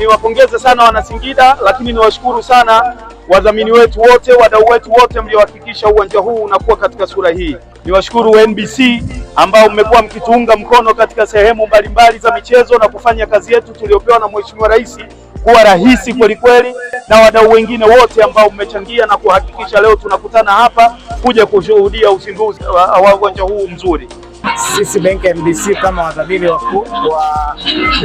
niwapongeze sana Singida, lakini niwashukuru sana wadhamini wetu wote, wadau wetu wote mliohakikisha uwanja huu unakuwa katika sura hii. Niwashukuru NBC ambao mmekuwa mkituunga mkono katika sehemu mbalimbali za michezo na kufanya kazi yetu tuliopewa na Mheshimiwa Rais kuwa rahisi kweli kweli, na wadau wengine wote ambao mmechangia na kuhakikisha leo tunakutana hapa kuja kushuhudia uzinduzi wa uwanja huu mzuri sisi benki ya NBC kama wadhamini wakuu wa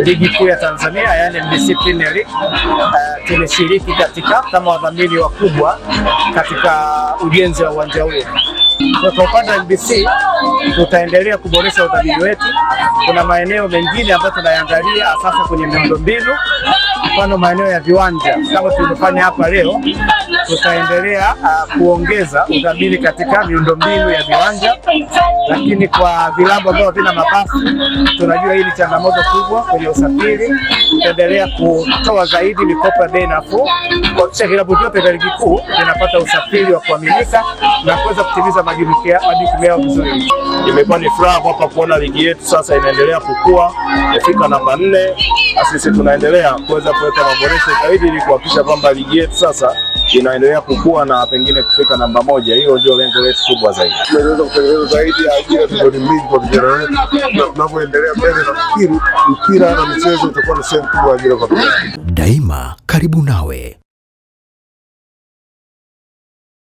ligi kuu ya Tanzania, yani NBC Premier League uh, tumeshiriki katika kama wadhamini wakubwa katika ujenzi wa uwanja huu. Kwa upande wa NBC tutaendelea kuboresha udhamini wetu. Kuna maeneo mengine ambayo tunayangalia sasa kwenye miundombinu mfano maeneo ya viwanja kama tulivyofanya hapa leo, tutaendelea uh, kuongeza udhamini katika miundombinu ya viwanja, lakini kwa vilabu ambavyo vina mabasi, tunajua hii ni changamoto kubwa kwenye usafiri, tutaendelea kutoa zaidi mikopo ya bei nafuu kuhakikisha vilabu vyote vya ligi kuu vinapata usafiri wa kuaminika na kuweza kutimiza majukumu yao vizuri. Imekuwa ni furaha hapa kuona ligi yetu sasa inaendelea kukua, imefika namba nne na sisi tunaendelea kuweza kuweka maboresho zaidi ili kuhakikisha kwamba ligi yetu sasa inaendelea kukua na pengine kufika namba moja. Hiyo ndio lengo letu kubwa zaidi. Tunaweza kutengeneza zaidi ajira milioni mbili kwa vijana wetu, na tunavyoendelea mbele, nafikiri mpira na michezo itakuwa ni sehemu kubwa ya ajira kwa vijana. Daima karibu nawe.